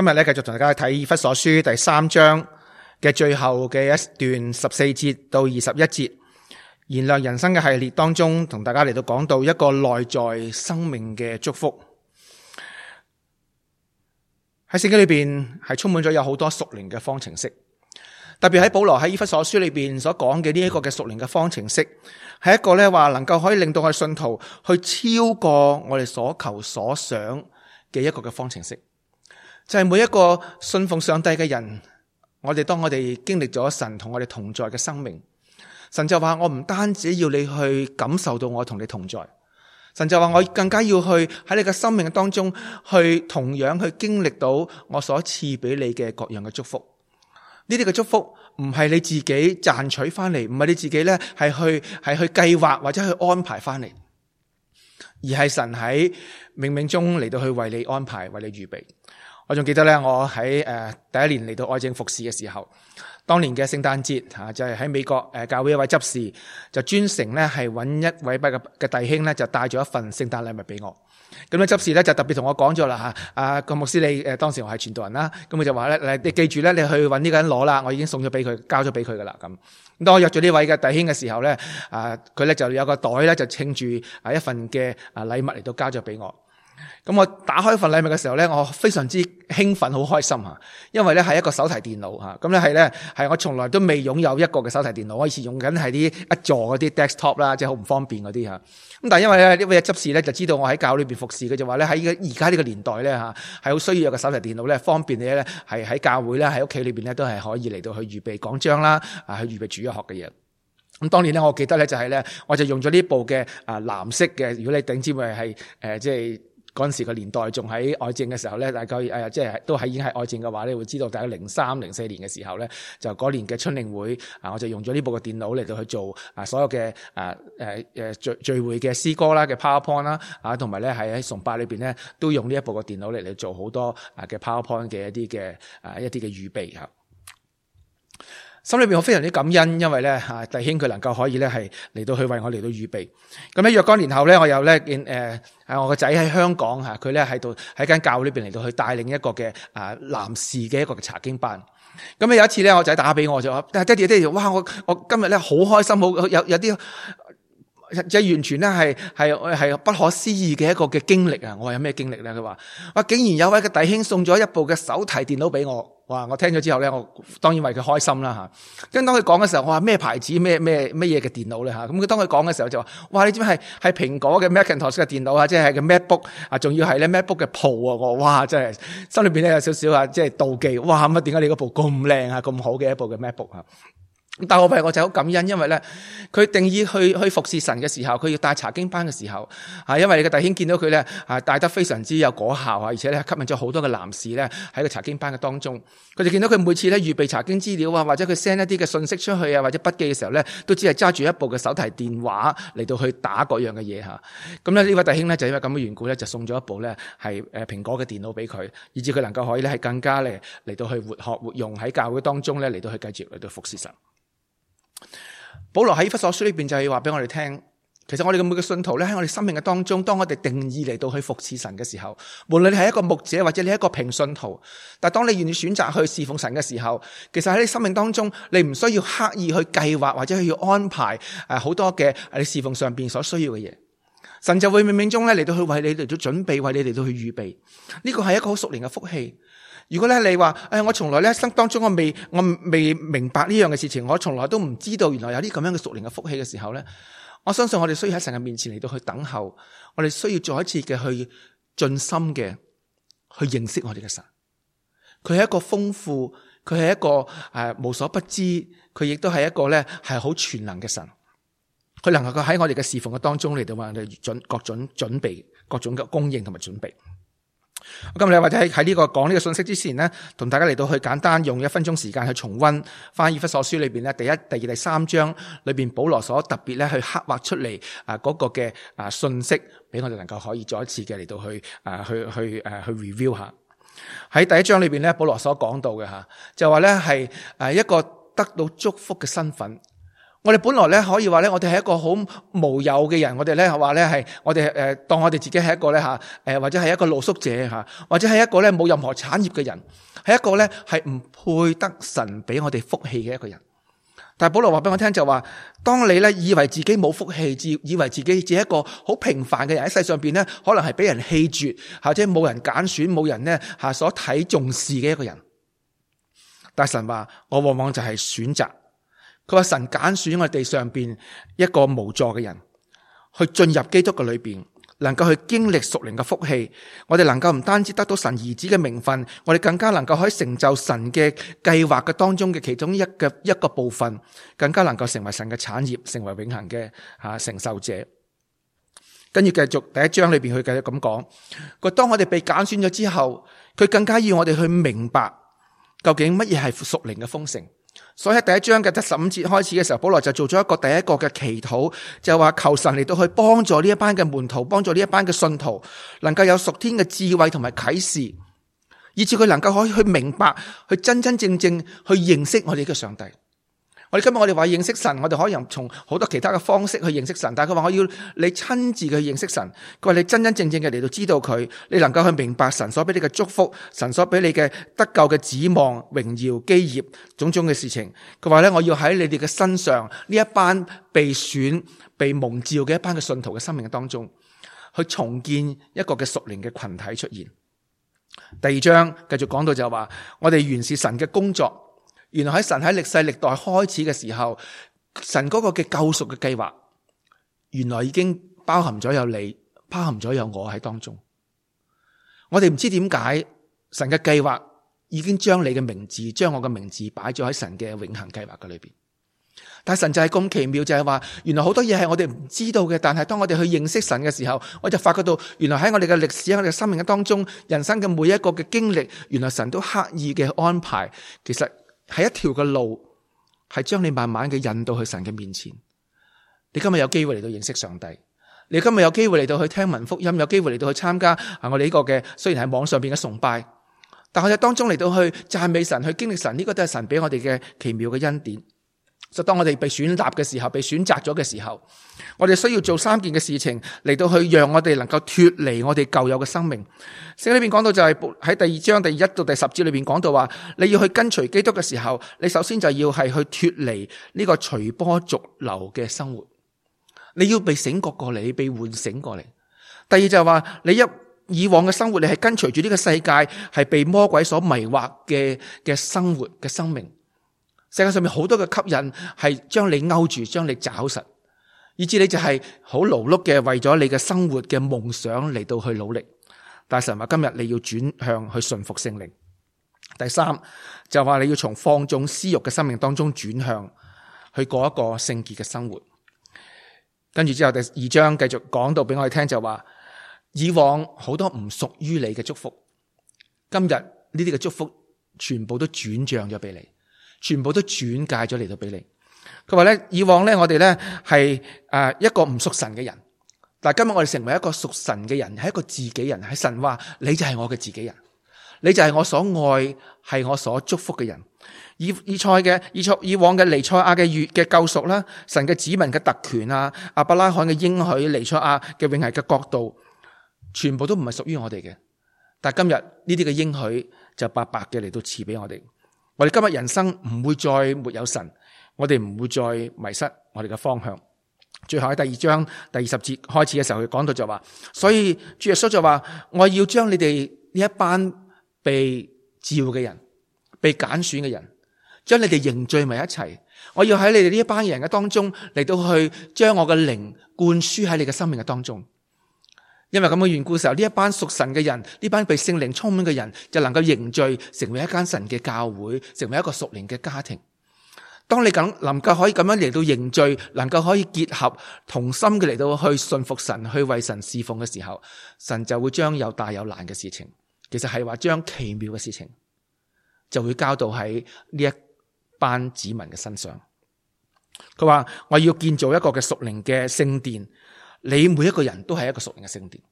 今日咧，繼續同大家睇《以弗所書》第三章嘅最後嘅一段十四節到二十一節，燃亮人生嘅系列當中，同大家嚟到講到一個內在生命嘅祝福。喺聖經裏邊係充滿咗有好多屬靈嘅方程式，特別喺保羅喺《以弗所書》裏邊所講嘅呢一個嘅屬靈嘅方程式，係一個咧話能夠可以令到佢信徒去超過我哋所求所想嘅一個嘅方程式。就係每一個信奉上帝嘅人，我哋當我哋經歷咗神同我哋同在嘅生命，神就話我唔單止要你去感受到我同你同在，神就話我更加要去喺你嘅生命當中去同樣去經歷到我所賜俾你嘅各樣嘅祝福。呢啲嘅祝福唔係你自己賺取翻嚟，唔係你自己呢係去係去計劃或者去安排翻嚟，而係神喺冥冥中嚟到去為你安排，為你預備。我仲記得咧，我喺誒第一年嚟到愛政服侍嘅時候，當年嘅聖誕節嚇，就係喺美國誒教會一位執事就專程咧係揾一位不嘅嘅弟兄咧，就帶咗一份聖誕禮物俾我。咁咧執事咧就特別同我講咗啦嚇，啊個牧師你誒當時我係傳道人啦，咁佢就話咧，你記住咧，你去揾呢個人攞啦，我已經送咗俾佢，交咗俾佢噶啦咁。當我約咗呢位嘅弟兄嘅時候咧，啊佢咧就有個袋咧，就稱住啊一份嘅啊禮物嚟到交咗俾我。咁我打開份禮物嘅時候咧，我非常之興奮，好開心吓，因為咧係一個手提電腦吓，咁咧係咧係我從來都未擁有一個嘅手提電腦，我以前用緊係啲一座嗰啲 desktop 啦，啊，即係好唔方便嗰啲吓。咁、啊、但係因為咧呢位執事咧就知道我喺教裏邊服侍呢，嘅。就話咧喺而家呢個年代咧吓，係、啊、好需要有個手提電腦咧，方便你咧係喺教會咧喺屋企裏邊咧都係可以嚟到去預備講章啦，啊，啊去預備主日學嘅嘢。咁、啊、當年咧，我記得咧就係、是、咧，我就用咗呢部嘅啊藍色嘅，如果你頂尖位係誒即係。呃就是嗰陣時個年代仲喺愛政嘅時候咧，大概即係都喺已經喺愛政嘅話咧，你會知道大概零三零四年嘅時候咧，就嗰年嘅春令會啊，我就用咗呢部嘅電腦嚟到去做啊所有嘅啊誒誒聚聚會嘅詩歌啦嘅 PowerPoint 啦啊，同埋咧喺喺崇拜裏面咧都用呢一部嘅電腦嚟嚟做好多啊嘅 PowerPoint 嘅一啲嘅啊一啲嘅預備吓心裏邊我非常之感恩，因為咧弟兄佢能夠可以咧係嚟到去為我嚟到預備。咁喺若干年後咧，我又咧見、呃、我個仔喺香港佢咧喺度喺間教會裏邊嚟到去帶領一個嘅啊男士嘅一個查經班。咁有一次咧，我仔打俾我就話、啊，爹哋爹哋，哇！我我今日咧好開心，好有有啲。即係完全咧係係係不可思議嘅一個嘅經歷啊！我有咩經歷咧？佢話哇，竟然有位嘅弟兄送咗一部嘅手提電腦俾我，哇！我聽咗之後咧，我當然為佢開心啦吓。跟、啊、當佢講嘅時候，我話咩牌子咩咩咩嘢嘅電腦咧吓？咁、啊、佢當佢講嘅時候就話，哇！你知唔知係蘋果嘅 Macintosh 嘅電腦啊，即係個 MacBook 啊，仲要係咧 MacBook 嘅 Pro 啊！我哇，真係心裏邊咧有少少啊，即係妒忌。哇！乜點解你嗰部咁靚啊，咁好嘅一部嘅 MacBook 啊？但係我係我就好感恩，因為咧，佢定意去去服侍神嘅時候，佢要帶查經班嘅時候，啊，因為個弟兄見到佢咧，啊，帶得非常之有果效啊，而且咧吸引咗好多嘅男士咧喺個查經班嘅當中，佢就見到佢每次咧預備查經資料啊，或者佢 send 一啲嘅信息出去啊，或者筆記嘅時候咧，都只係揸住一部嘅手提電話嚟到去打各樣嘅嘢嚇。咁咧呢位弟兄咧就因為咁嘅緣故咧，就送咗一部咧係誒蘋果嘅電腦俾佢，以至佢能夠可以咧係更加咧嚟到去活學活用喺教會當中咧嚟到去繼續嚟到服侍神。保羅喺《以弗所書》裏邊就係話俾我哋聽，其實我哋嘅每個信徒咧喺我哋生命嘅當中，當我哋定義嚟到去服侍神嘅時候，無論你係一個牧者或者你係一個平信徒，但當你願意選擇去侍奉神嘅時候，其實喺你生命當中，你唔需要刻意去計劃或者去安排誒好多嘅你侍奉上邊所需要嘅嘢，神就會冥冥中咧嚟到去為你嚟到準備，為你嚟到去預備，呢個係一個好熟練嘅福氣。如果咧你話，誒、哎，我從來咧生當中我未我未明白呢樣嘅事情，我從來都唔知道原來有啲咁樣嘅屬靈嘅福氣嘅時候咧，我相信我哋需要喺神嘅面前嚟到去等候，我哋需要再一次嘅去盡心嘅去認識我哋嘅神。佢係一個豐富，佢係一個誒無所不知，佢亦都係一個咧係好全能嘅神。佢能夠喺我哋嘅侍奉嘅當中嚟到為我哋準各種準備，各種嘅供應同埋準備。今日你或者喺呢個講呢個信息之前呢，同大家嚟到去簡單用一分鐘時間去重溫翻以弗所書裏邊咧第一、第二、第三章裏邊保羅所特別咧去刻畫出嚟啊嗰、那個嘅啊信息，俾我哋能夠可以再一次嘅嚟到去啊去去誒、啊、去 review 下喺第一章裏邊咧保羅所講到嘅吓就話咧係誒一個得到祝福嘅身份。我哋本來咧可以話咧，我哋係一個好無有嘅人，我哋咧話咧係我哋誒，當我哋自己係一個咧吓，誒或者係一個露宿者吓，或者係一個咧冇任何產業嘅人，係一個咧係唔配得神俾我哋福氣嘅一個人。但係保羅話俾我聽就話，當你咧以為自己冇福氣，自以為自己只係一個好平凡嘅人喺世上邊咧，可能係俾人棄絕或者冇人揀選，冇人咧吓所睇重視嘅一個人。但神話我往往就係選擇。佢話神揀選我哋上邊一個無助嘅人，去進入基督嘅裏邊，能夠去經歷屬靈嘅福氣。我哋能夠唔單止得到神兒子嘅名分，我哋更加能夠喺成就神嘅計劃嘅當中嘅其中一嘅一個部分，更加能夠成為神嘅產業，成為永恒嘅吓承受者。跟住繼續第一章裏邊去繼續咁講，佢當我哋被揀選咗之後，佢更加要我哋去明白究竟乜嘢係屬靈嘅豐盛。」所以喺第一章嘅第十五節開始嘅時候，保羅就做咗一個第一個嘅祈禱，就話求神嚟到去幫助呢一班嘅門徒，幫助呢一班嘅信徒，能夠有屬天嘅智慧同埋啟示，以致佢能夠可以去明白，去真真正正去認識我哋嘅上帝。我哋今日我哋話認識神，我哋可以從好多其他嘅方式去認識神。但係佢話我要你親自去認識神。佢話你真真正正嘅嚟到知道佢，你能夠去明白神所俾你嘅祝福，神所俾你嘅得救嘅指望、榮耀、基業種種嘅事情。佢話咧，我要喺你哋嘅身上呢一班被選、被蒙召嘅一班嘅信徒嘅生命當中去重建一個嘅屬靈嘅群體出現。第二章繼續講到就係話我哋原是神嘅工作。原來喺神喺歷世歷代開始嘅時候，神嗰個嘅救贖嘅計劃，原來已經包含咗有你，包含咗有我喺當中。我哋唔知點解，神嘅計劃已經將你嘅名字，將我嘅名字擺咗喺神嘅永恆計劃嘅裏邊。但神就係咁奇妙，就係話，原來好多嘢係我哋唔知道嘅，但係當我哋去認識神嘅時候，我就發覺到，原來喺我哋嘅歷史、喺我哋嘅生命嘅當中，人生嘅每一個嘅經歷，原來神都刻意嘅安排。其實。係一條嘅路，係將你慢慢嘅引到去神嘅面前。你今日有機會嚟到認識上帝，你今日有機會嚟到去聽聞福音，有機會嚟到去參加啊！我哋呢個嘅，雖然喺網上邊嘅崇拜，但我哋當中嚟到去讚美神、去經歷神，呢個都係神俾我哋嘅奇妙嘅恩典。就當我哋被選立嘅時候，被選擇咗嘅時候，我哋需要做三件嘅事情嚟到去讓我哋能夠脫離我哋舊有嘅生命。聖經裏邊講到就係喺第二章第一到第十節裏邊講到話，你要去跟隨基督嘅時候，你首先就要係去脫離呢個隨波逐流嘅生活。你要被醒覺過嚟，你被喚醒過嚟。第二就係話，你一以往嘅生活，你係跟隨住呢個世界，係被魔鬼所迷惑嘅嘅生活嘅生命。世界上面好多嘅吸引係將你勾住，將你抓實，以致你就係好勞碌嘅，為咗你嘅生活嘅夢想嚟到去努力。但神話今日你要轉向去順服聖靈。第三，就話你要從放縱私欲嘅生命當中轉向去過一個聖潔嘅生活。跟住之後第二章繼續講到俾我哋聽，就是，就話以往好多唔屬於你嘅祝福，今日呢啲嘅祝福全部都轉賬咗俾你。全部都轉介咗嚟到俾你。佢話咧，以往咧我哋咧係啊一個唔屬神嘅人，但今日我哋成為一個屬神嘅人，係一個自己人。喺神話，你就係我嘅自己人，你就係我所愛，係我所祝福嘅人。以以賽嘅以賽以往嘅尼賽亞嘅月嘅救贖啦，神嘅子民嘅特權啊，阿伯拉罕嘅應許，尼賽亞嘅永恆嘅國度，全部都唔係屬於我哋嘅。但係今日呢啲嘅應許就白白嘅嚟到賜俾我哋。我哋今日人生唔會再沒有神，我哋唔會再迷失我哋嘅方向。最後喺第二章第二十節開始嘅時候，佢講到就話，所以主耶穌就話，我要將你哋呢一班被召嘅人，被揀選嘅人，將你哋凝聚埋一齊，我要喺你哋呢一班人嘅當中嚟到去將我嘅靈灌輸喺你嘅生命嘅當中。因為咁嘅緣故，時候呢一班屬神嘅人，呢班被聖靈充滿嘅人，就能夠凝聚，成為一間神嘅教會，成為一個屬靈嘅家庭。當你咁能夠可以咁樣嚟到凝聚，能夠可以結合同心嘅嚟到去信服神，去為神侍奉嘅時候，神就會將有大有難嘅事情，其實係話將奇妙嘅事情，就會交到喺呢一班子民嘅身上。佢話我要建造一個嘅屬靈嘅聖殿。你每一個人都係一個屬靈嘅聖殿，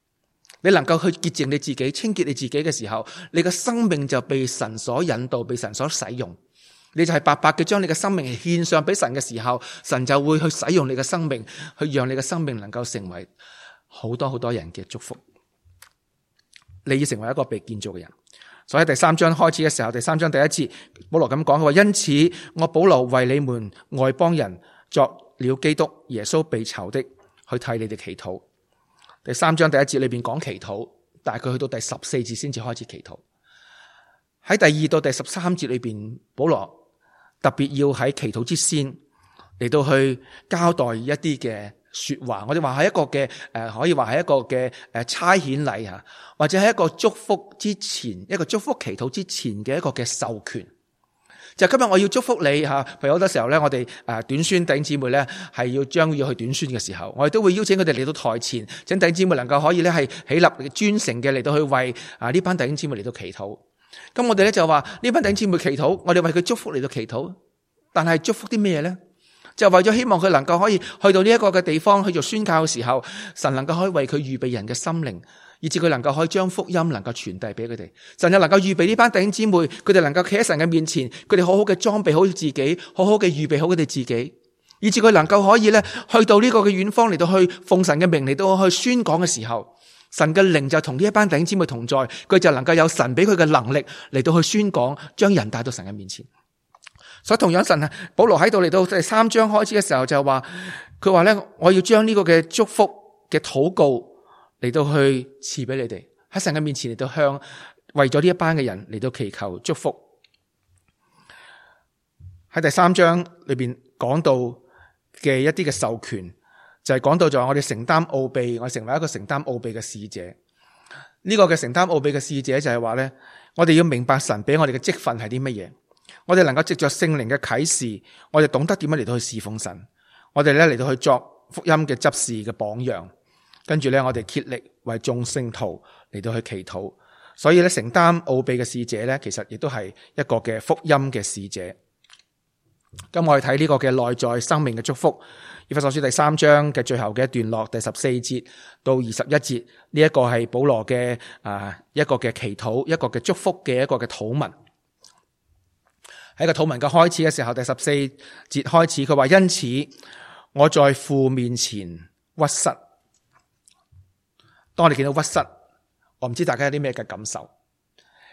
你能夠去潔淨你自己，清潔你自己嘅時候，你嘅生命就被神所引導、被神所使用。你就係白白嘅將你嘅生命獻上俾神嘅時候，神就會去使用你嘅生命，去讓你嘅生命能夠成為好多好多人嘅祝福。你要成為一個被建造嘅人。所以第三章開始嘅時候，第三章第一次，保羅咁講，話因此我保羅為你們外邦人作了基督耶穌被囚的。去替你哋祈禱。第三章第一節裏邊講祈禱，但係佢去到第十四節先至開始祈禱。喺第二到第十三節裏邊，保羅特別要喺祈禱之先嚟到去交代一啲嘅說話。我哋話係一個嘅，誒，可以話係一個嘅誒差遣禮吓，或者係一個祝福之前，一個祝福祈禱之前嘅一個嘅授權。就是、今日我要祝福你吓，譬如好多時候咧，我哋誒短宣弟兄姊妹咧係要將要去短宣嘅時候，我哋都會邀請佢哋嚟到台前，請弟兄姊妹能夠可以咧係起立專誠嘅嚟到去為啊呢班弟兄姊妹嚟到祈禱。咁我哋咧就話呢班弟兄姊妹祈禱，我哋為佢祝福嚟到祈禱，但係祝福啲咩咧？就是、為咗希望佢能夠可以去到呢一個嘅地方去做宣教嘅時候，神能夠可以為佢預備人嘅心靈。以至佢能夠可以將福音能夠傳遞俾佢哋，神又能夠預備呢班弟兄姊妹，佢哋能夠企喺神嘅面前，佢哋好好嘅裝備好自己，好好嘅預備好佢哋自己，以至佢能夠可以咧去到呢個嘅遠方嚟到去奉神嘅名嚟到去宣講嘅時候，神嘅靈就同呢一班弟兄姊妹同在，佢就能夠有神俾佢嘅能力嚟到去宣講，將人帶到神嘅面前。所以同樣神啊，保羅喺度嚟到第三章開始嘅時候就話，佢話咧，我要將呢個嘅祝福嘅禱告。嚟到去賜俾你哋喺神嘅面前，嚟到向為咗呢一班嘅人嚟到祈求祝福。喺第三章裏邊講到嘅一啲嘅授權，就係講到咗我哋承擔奧秘，我成為一個承擔奧秘嘅使者，呢個嘅承擔奧秘嘅使者就係話呢：「我哋要明白神俾我哋嘅職份係啲乜嘢，我哋能夠借着聖靈嘅啟示，我哋懂得點樣嚟到去侍奉神，我哋呢，嚟到去作福音嘅執事嘅榜樣。」跟住咧，我哋竭力為眾聖徒嚟到去祈禱，所以咧，承擔奧秘嘅使者咧，其實亦都係一個嘅福音嘅使者。咁我哋睇呢個嘅內在生命嘅祝福，以弗所書第三章嘅最後嘅一段落，第十四節到二十一節呢一個係保羅嘅啊一個嘅祈禱，一個嘅祝福嘅一個嘅禱文。喺個禱文嘅開始嘅時候，第十四節開始，佢話，因此我在父面前屈膝。當我哋見到屈膝，我唔知大家有啲咩嘅感受。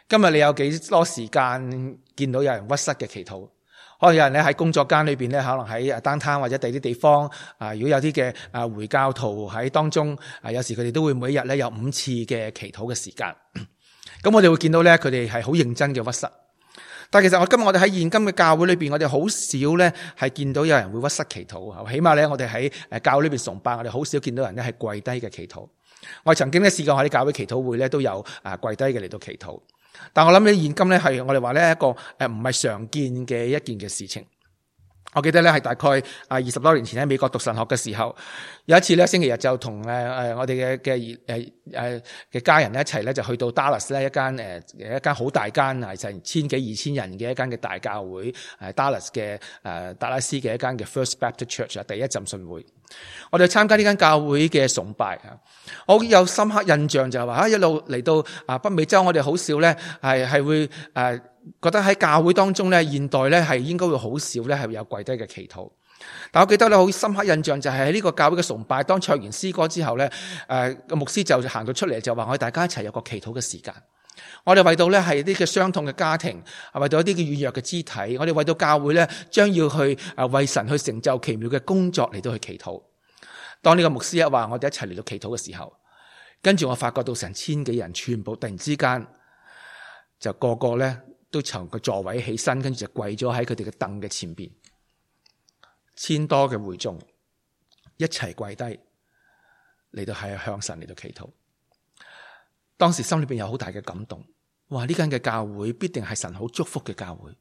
今日你有幾多時間見到有人屈膝嘅祈禱？可能有人咧喺工作間裏邊咧，可能喺單攤或者第啲地方。啊，如果有啲嘅啊，回教徒喺當中，啊，有時佢哋都會每日咧有五次嘅祈禱嘅時間。咁我哋會見到咧，佢哋係好認真嘅屈膝。但其實今我今日我哋喺現今嘅教會裏邊，我哋好少咧係見到有人會屈膝祈禱。起碼咧，我哋喺誒教會裏邊崇拜，我哋好少見到人咧係跪低嘅祈禱。我曾經咧試過喺啲教會祈禱會咧都有啊跪低嘅嚟到祈禱，但我諗咧現今咧係我哋話咧一個誒唔係常見嘅一件嘅事情。我記得咧係大概啊二十多年前喺美國讀神學嘅時候，有一次咧星期日就同誒誒我哋嘅嘅誒誒嘅家人咧一齊咧就去到 Dallas 咧一間誒一間好大間啊成千幾二千人嘅一間嘅大教會誒 Dallas 嘅誒達拉斯嘅一間嘅 First Baptist Church 啊第一浸信會。我哋參加呢間教會嘅崇拜，我有深刻印象就係話，啊一路嚟到啊北美洲，我哋好少咧，係係會誒覺得喺教會當中咧，現代咧係應該會好少咧係會有跪低嘅祈禱。但我記得咧好深刻印象就係喺呢個教會嘅崇拜，當唱完詩歌之後咧，誒牧師就行咗出嚟就話，我哋大家一齊有個祈禱嘅時間。我哋為到咧係呢個傷痛嘅家庭，係為到一啲嘅軟弱嘅肢體，我哋為到教會咧，將要去誒為神去成就奇妙嘅工作嚟到去祈禱。當呢個牧師一話，我哋一齊嚟到祈禱嘅時候，跟住我發覺到成千幾人全部突然之間就個個咧都從個座位起身，跟住就跪咗喺佢哋嘅凳嘅前邊，千多嘅會眾一齊跪低嚟到係向神嚟到祈禱。當時心裏邊有好大嘅感動，哇！呢間嘅教會必定係神好祝福嘅教會。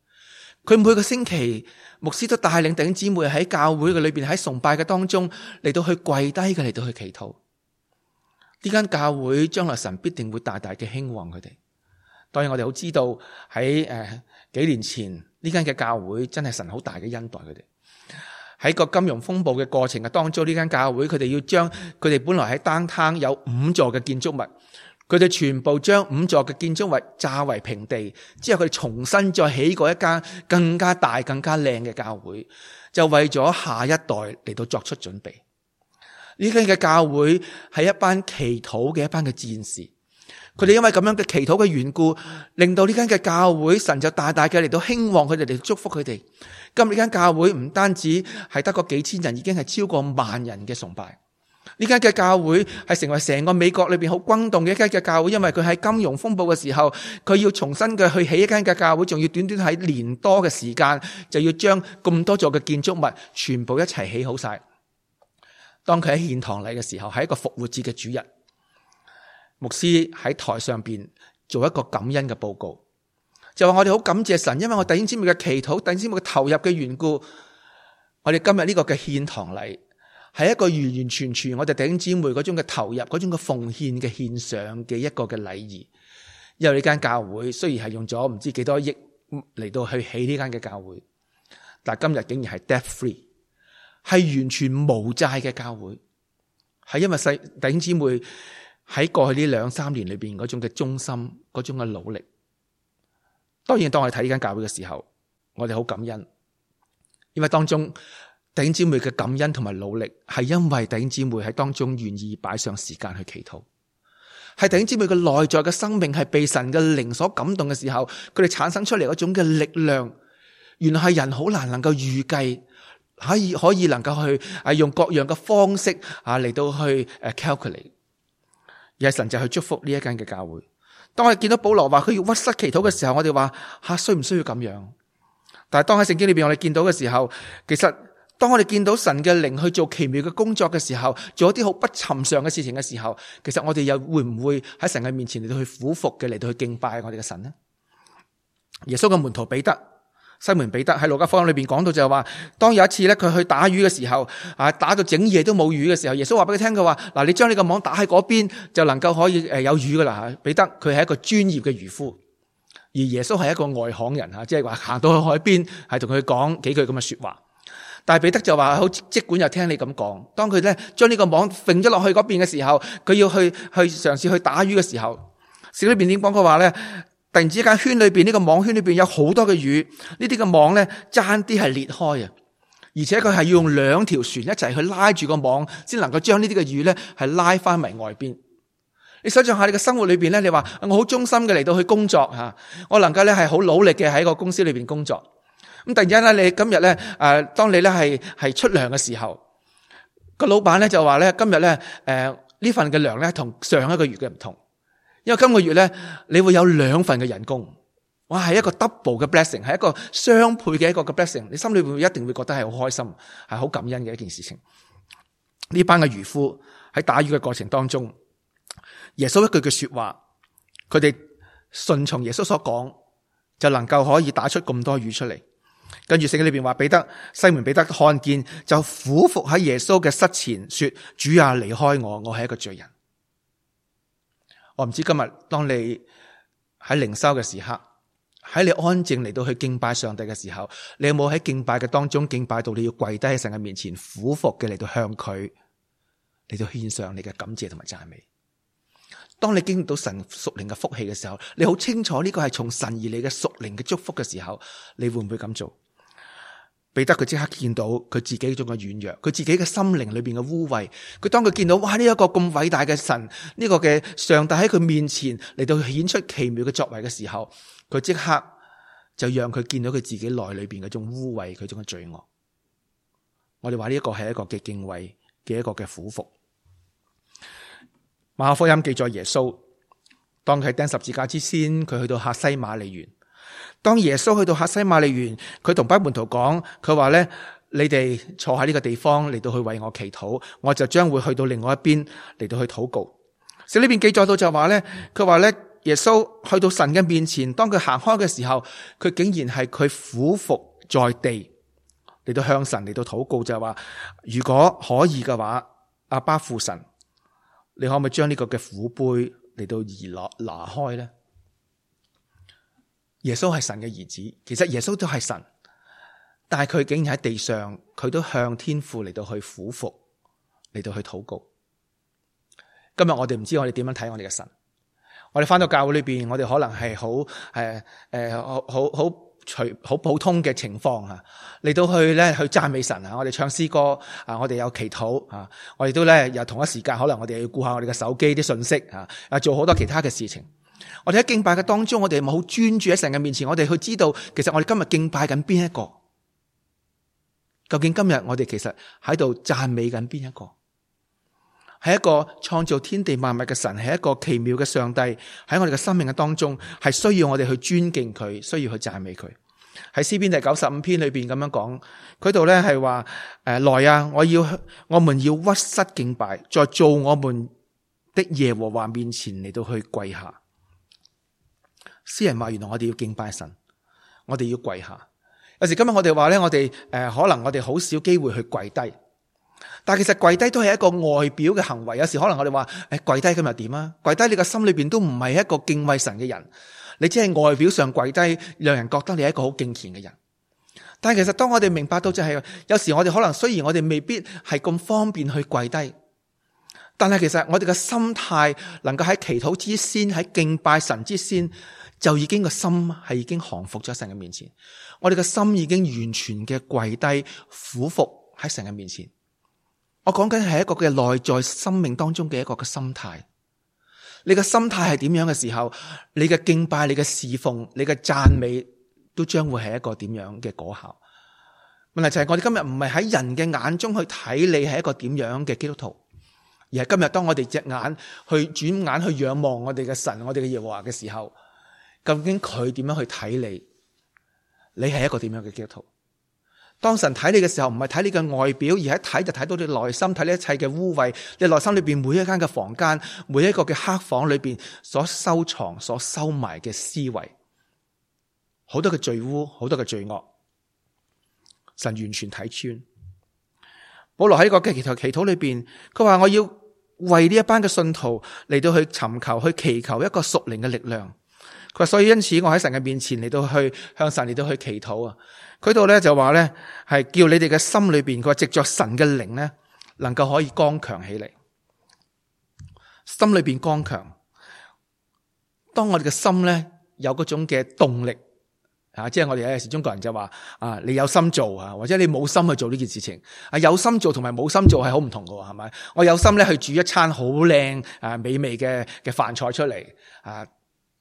佢每個星期牧師都帶領弟兄姊妹喺教會嘅裏邊，喺崇拜嘅當中嚟，到去跪低嘅嚟到去祈禱。呢間教會將來神必定會大大嘅興旺佢哋。當然我哋好知道喺誒、呃、幾年前呢間嘅教會真係神好大嘅恩待佢哋。喺個金融風暴嘅過程嘅當中，呢間教會佢哋要將佢哋本來喺丹攤有五座嘅建築物。佢哋全部將五座嘅建築物炸為平地，之後佢哋重新再起過一間更加大、更加靚嘅教會，就為咗下一代嚟到作出準備。呢間嘅教會係一班祈禱嘅一班嘅戰士，佢哋因為咁樣嘅祈禱嘅緣故，令到呢間嘅教會神就大大嘅嚟到興旺佢哋，嚟祝福佢哋。今日呢間教會唔單止係得過幾千人，已經係超過萬人嘅崇拜。呢間嘅教會係成為成個美國裏邊好轟動嘅一間嘅教會，因為佢喺金融風暴嘅時候，佢要重新嘅去起一間嘅教會，仲要短短喺年多嘅時間，就要將咁多座嘅建築物全部一齊起好晒。當佢喺獻堂禮嘅時候，係一個復活節嘅主日，牧師喺台上邊做一個感恩嘅報告，就話我哋好感謝神，因為我弟兄姊妹嘅祈禱、弟兄姊妹嘅投入嘅緣故，我哋今日呢個嘅獻堂禮。係一個完完全全我哋弟兄姊妹嗰種嘅投入、嗰種嘅奉獻嘅獻上嘅一個嘅禮儀。因為呢間教會雖然係用咗唔知幾多億嚟到去起呢間嘅教會，但今日竟然係 debt free，係完全無債嘅教會，係因為弟兄姊妹喺過去呢兩三年裏邊嗰種嘅忠心、嗰種嘅努力。當然，當我哋睇呢間教會嘅時候，我哋好感恩，因為當中。弟兄姊妹嘅感恩同埋努力，係因為弟兄姊妹喺當中願意擺上時間去祈禱，係弟兄姊妹嘅內在嘅生命係被神嘅靈所感動嘅時候，佢哋產生出嚟，嗰種嘅力量，原來係人好難能夠預計，可以可以能夠去啊用各樣嘅方式啊嚟到去誒 calculate，而係神就去祝福呢一間嘅教會。當我哋見到保羅話佢要屈膝祈禱嘅時候，我哋話吓需唔需要咁樣？但係當喺聖經裏邊我哋見到嘅時候，其實。當我哋見到神嘅靈去做奇妙嘅工作嘅時候，做一啲好不尋常嘅事情嘅時候，其實我哋又會唔會喺神嘅面前嚟到去俯伏嘅，嚟到去敬拜我哋嘅神呢？耶穌嘅門徒彼得，西門彼得喺路加福音裏邊講到就係話，當有一次咧佢去打魚嘅時候，啊打到整夜都冇魚嘅時候，耶穌話俾佢聽佢話嗱，你將呢個網打喺嗰邊就能夠可以誒有魚噶啦吓，彼得佢係一個專業嘅漁夫，而耶穌係一個外行人吓，即係話行到去海邊係同佢講幾句咁嘅說話。但係彼得就話好，即管又聽你咁講。當佢咧將呢個網掟咗落去嗰邊嘅時候，佢要去去嘗試去打魚嘅時候，小裏邊點講嘅話咧，突然之間圈裏邊呢個網圈裏邊有好多嘅魚，呢啲嘅網咧爭啲係裂開啊！而且佢係要用兩條船一齊去拉住個網，先能夠將呢啲嘅魚咧係拉翻埋外邊。你想象下你嘅生活裏邊咧，你話我好忠心嘅嚟到去工作吓，我能夠咧係好努力嘅喺個公司裏邊工作。咁突然間咧，你今日咧，誒、啊，當你咧係係出糧嘅時候，個老闆咧就話咧，今日咧，誒、呃，呢份嘅糧咧同上一個月嘅唔同，因為今個月咧你會有兩份嘅人工，哇，係一個 double 嘅 blessing，係一個雙倍嘅一個嘅 blessing，你心裏邊一定會覺得係好開心，係好感恩嘅一件事情。呢班嘅漁夫喺打魚嘅過程當中，耶穌一句嘅說話，佢哋順從耶穌所講，就能夠可以打出咁多魚出嚟。跟住聖經裏邊話，彼得、西門彼得看見就俯伏喺耶穌嘅膝前說：主啊，離開我，我係一個罪人。我唔知今日當你喺靈修嘅時刻，喺你安靜嚟到去敬拜上帝嘅時候，你有冇喺敬拜嘅當中敬拜到你要跪低喺神嘅面前俯伏嘅嚟到向佢嚟到獻上你嘅感謝同埋讚美。當你經歷到神屬靈嘅福氣嘅時候，你好清楚呢個係從神而嚟嘅屬靈嘅祝福嘅時候，你會唔會咁做？彼得佢即刻見到佢自己種嘅軟弱，佢自己嘅心靈裏邊嘅污穢。佢當佢見到哇，呢一個咁偉大嘅神，呢個嘅上帝喺佢面前嚟到顯出奇妙嘅作為嘅時候，佢即刻就讓佢見到佢自己內裏邊嘅一種污穢，佢種嘅罪惡。我哋話呢一個係一個嘅敬畏嘅一個嘅苦福。馬可福音記載耶穌當佢係釘十字架之先，佢去到客西馬尼園。當耶穌去到客西馬尼園，佢同班門徒講，佢話咧：你哋坐喺呢個地方嚟到去為我祈禱，我就將會去到另外一邊嚟到去禱告。所以呢邊記載到就話咧，佢話咧耶穌去到神嘅面前，當佢行開嘅時候，佢竟然係佢俯伏在地嚟到向神嚟到禱告，就話、係、如果可以嘅話，阿爸父神，你可唔可以將呢個嘅苦杯嚟到移落拿,拿開咧？耶穌係神嘅兒子，其實耶穌都係神，但係佢竟然喺地上，佢都向天父嚟到去俯伏，嚟到去禱告。今日我哋唔知我哋點樣睇我哋嘅神。我哋返到教會裏邊，我哋可能係好誒誒好好隨好普通嘅情況啊，嚟到去咧去讚美神啊，我哋唱詩歌啊，我哋有祈禱啊，我哋都咧又同一時間，可能我哋要顧下我哋嘅手機啲信息啊，啊做好多其他嘅事情。我哋喺敬拜嘅當中，我哋好專注喺神嘅面前，我哋去知道，其實我哋今日敬拜緊邊一個？究竟今日我哋其實喺度讚美緊邊一個？係一個創造天地萬物嘅神，係一個奇妙嘅上帝。喺我哋嘅生命嘅當中，係需要我哋去尊敬佢，需要去讚美佢。喺《詩篇》第九十五篇裏邊咁樣講，佢度呢係話：誒，來啊！我要，我們要屈膝敬拜，在做我們的耶和華面前嚟到去跪下。詩人話：原來我哋要敬拜神，我哋要跪下。有時今日我哋話咧，我哋誒、呃，可能我哋好少機會去跪低。但係其實跪低都係一個外表嘅行為。有時可能我哋話誒，跪低咁又點啊？跪低你個心裏面都唔係一個敬畏神嘅人，你只係外表上跪低，讓人覺得你係一個好敬虔嘅人。但係其實當我哋明白到、就是，就係有時我哋可能雖然我哋未必係咁方便去跪低，但係其實我哋嘅心態能夠喺祈禱之先，喺敬拜神之先。就已經個心係已經降服咗喺神嘅面前，我哋嘅心已經完全嘅跪低、俯伏喺神嘅面前。我講緊係一個嘅內在生命當中嘅一個嘅心態。你嘅心態係點樣嘅時候，你嘅敬拜、你嘅侍奉、你嘅讚美，都將會係一個點樣嘅果效？問題就係我哋今日唔係喺人嘅眼中去睇你係一個點樣嘅基督徒，而係今日當我哋隻眼去轉眼去仰望我哋嘅神、我哋嘅耶和華嘅時候。究竟佢點樣去睇你？你係一個點樣嘅基督徒？當神睇你嘅時候，唔係睇你嘅外表，而係睇就睇到你內心，睇呢一切嘅污穢，你內心裏邊每一間嘅房間，每一個嘅黑房裏邊所收藏、所收埋嘅思維，好多嘅罪污，好多嘅罪惡，神完全睇穿。保羅喺一個基督徒祈禱裏邊，佢話我要為呢一班嘅信徒嚟到去尋求去祈求一個屬靈嘅力量。佢話所以因此，我喺神嘅面前嚟到去向神嚟到去祈禱啊！佢度咧就話咧係叫你哋嘅心裏邊，佢話藉着神嘅靈咧，能夠可以剛強起嚟，心裏邊剛強。當我哋嘅心咧有嗰種嘅動力啊，即係我哋有時中國人就話啊，你有心做啊，或者你冇心去做呢件事情啊，有心做同埋冇心做係好唔同噶，係咪？我有心咧去煮一餐好靚啊美味嘅嘅飯菜出嚟啊！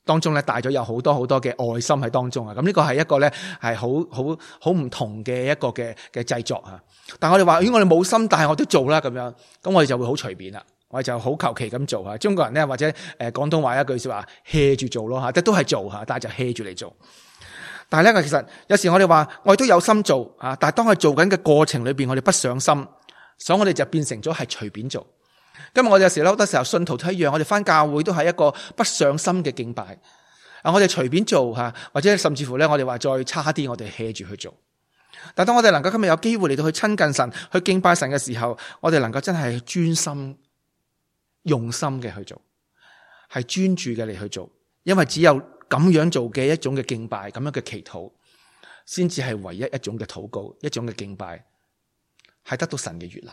當中咧帶咗有好多好多嘅愛心喺當中啊，咁呢個係一個咧係好好好唔同嘅一個嘅嘅製作啊。但係我哋話，如果我哋冇心，但係我都做啦咁樣，咁我哋就會好隨便啦，我哋就好求其咁做吓。中國人咧或者誒廣東話一句說話，hea 住做咯吓，即都係做吓，但係就 hea 住嚟做。但係咧，其實有時我哋話我哋都有心做啊，但係當我哋做緊嘅過程裏邊，我哋不上心，所以我哋就變成咗係隨便做。今日我哋有時咧，好多時候信徒都一樣，我哋翻教會都係一個不上心嘅敬拜。啊，我哋隨便做吓，或者甚至乎咧，我哋話再差啲，我哋歇住去做。但當我哋能夠今日有機會嚟到去親近神、去敬拜神嘅時候，我哋能夠真係專心用心嘅去做，係專注嘅嚟去做。因為只有咁樣做嘅一種嘅敬拜、咁樣嘅祈禱，先至係唯一一種嘅禱告、一種嘅敬拜，係得到神嘅悅納。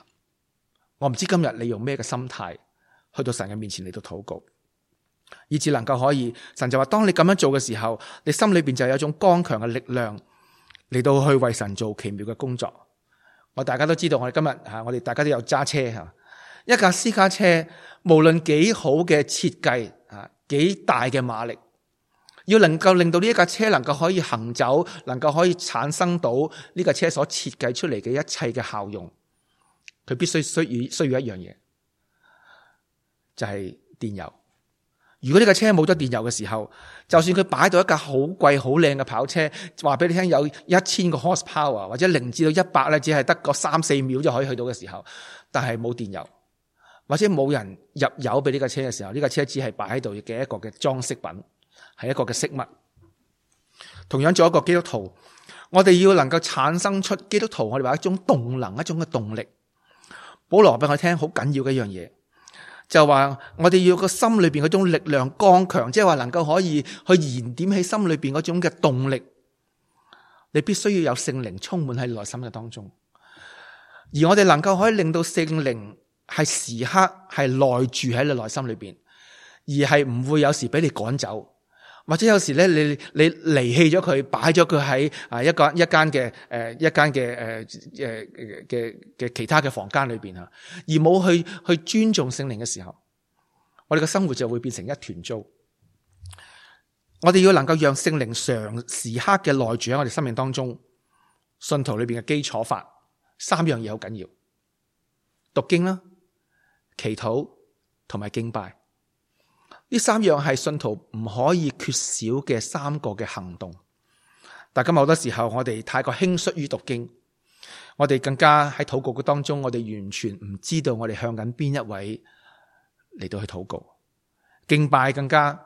我唔知今日你用咩嘅心態去到神嘅面前嚟到禱告，以致能夠可以神就話，當你咁樣做嘅時候，你心裏邊就有一種剛強嘅力量嚟到去為神做奇妙嘅工作。我大家都知道我，我哋今日吓，我哋大家都有揸車吓，一架私家車無論幾好嘅設計吓，幾大嘅馬力，要能夠令到呢一架車能夠可以行走，能夠可以產生到呢架車所設計出嚟嘅一切嘅效用。佢必須需要需要一樣嘢，就係電油。如果呢個車冇咗電油嘅時候，就算佢擺到一架好貴好靚嘅跑車，話俾你聽有一千個 horsepower，或者零至到一百咧，只係得個三四秒就可以去到嘅時候，但係冇電油，或者冇人入油俾呢個車嘅時候，呢個車只係擺喺度嘅一個嘅裝飾品，係一個嘅飾物。同樣做一個基督徒，我哋要能夠產生出基督徒，我哋話一種動能，一種嘅動力。保羅俾我聽好緊要嘅一樣嘢，就話我哋要個心裏邊嗰種力量剛強，即係話能夠可以去燃點起心裏邊嗰種嘅動力。你必須要有聖靈充滿喺內心嘅當中，而我哋能夠可以令到聖靈係時刻係內住喺你內心裏邊，而係唔會有時俾你趕走。或者有時咧，你你離棄咗佢，擺咗佢喺啊一個一間嘅誒一間嘅誒誒嘅嘅其他嘅房間裏邊吓而冇去去尊重聖靈嘅時候，我哋嘅生活就會變成一團糟。我哋要能夠讓聖靈常時刻嘅內住喺我哋生命當中，信徒裏邊嘅基礎法三樣嘢好緊要：讀經啦、祈禱同埋敬拜。呢三樣係信徒唔可以缺少嘅三個嘅行動，但今日好多時候我哋太過輕率於讀經，我哋更加喺禱告嘅當中，我哋完全唔知道我哋向緊邊一位嚟到去禱告，敬拜更加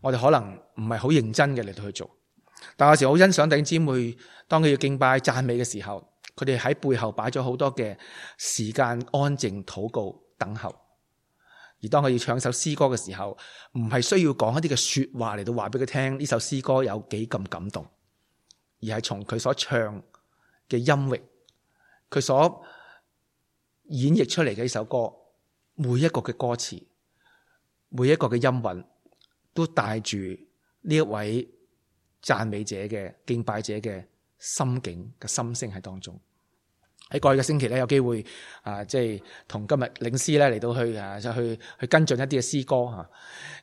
我哋可能唔係好認真嘅嚟到去做，但有時好欣賞弟兄姊妹，當佢要敬拜讚美嘅時候，佢哋喺背後擺咗好多嘅時間安靜禱告等候。而當佢要唱一首詩歌嘅時候，唔係需要講一啲嘅說話嚟到話俾佢聽呢首詩歌有幾咁感動，而係從佢所唱嘅音域，佢所演繹出嚟嘅呢首歌，每一個嘅歌詞，每一個嘅音韻，都帶住呢一位讚美者嘅敬拜者嘅心境嘅心聲喺當中。喺過去嘅星期咧有機會啊，即係同今日領師咧嚟到去啊，就去去跟進一啲嘅詩歌吓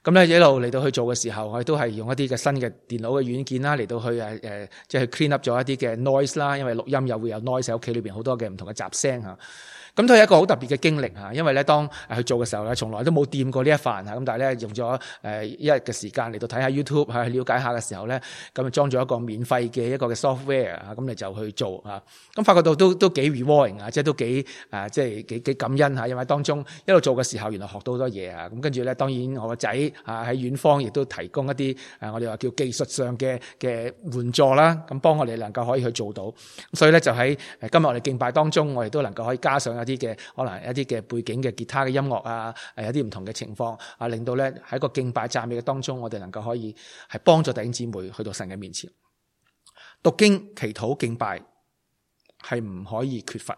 咁咧、啊、一路嚟到去做嘅時候，我哋都係用一啲嘅新嘅電腦嘅軟件啦，嚟到去啊誒，即係 clean up 咗一啲嘅 noise 啦，因為錄音又會有 noise 喺屋企裏面好多嘅唔同嘅雜聲.咁都係一個好特別嘅經歷嚇，因為咧當去做嘅時候咧，從來都冇掂過呢一份嚇，咁但係咧用咗誒一日嘅時間嚟到睇下 YouTube 去了解下嘅時候咧，咁就裝咗一個免費嘅一個嘅 software 啊，咁你就去做啊，咁發覺到都都幾 rewarding 啊，即係都幾誒即係幾幾感恩吓，因為當中一路做嘅時候，原來學到好多嘢啊，咁跟住咧當然我個仔啊喺遠方亦都提供一啲誒我哋話叫技術上嘅嘅援助啦，咁幫我哋能夠可以去做到，咁所以咧就喺誒今日我哋敬拜當中，我哋都能夠可以加上。一啲嘅可能一啲嘅背景嘅吉他嘅音樂啊，係有啲唔同嘅情況啊，令到咧喺個敬拜讚美嘅當中，我哋能夠可以係幫助弟兄姊妹去到神嘅面前讀經、祈禱、敬拜，係唔可以缺乏。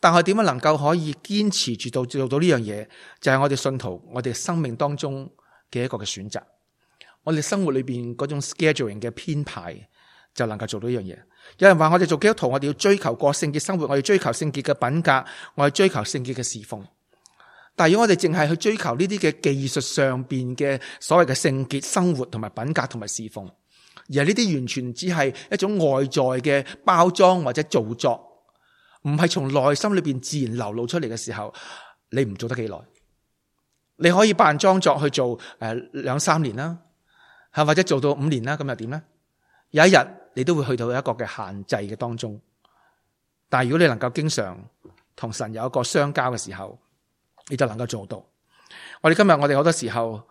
但係點樣能夠可以堅持住到做到呢樣嘢，就係我哋信徒我哋生命當中嘅一個嘅選擇。我哋生活裏邊嗰種 scheduling 嘅編排。就能夠做到呢樣嘢。有人話我哋做基督徒，我哋要追求過聖潔生活，我要追求聖潔嘅品格，我要追求聖潔嘅侍奉。但如果我哋淨係去追求呢啲嘅技術上邊嘅所謂嘅聖潔生活同埋品格同埋侍奉，而係呢啲完全只係一種外在嘅包裝或者做作，唔係從內心裏邊自然流露出嚟嘅時候，你唔做得幾耐？你可以扮裝作去做誒兩三年啦、啊，或者做到五年啦、啊，咁又點呢？有一日。你都會去到一個嘅限制嘅當中，但係如果你能夠經常同神有一個相交嘅時候，你就能夠做到。我哋今日我哋好多時候，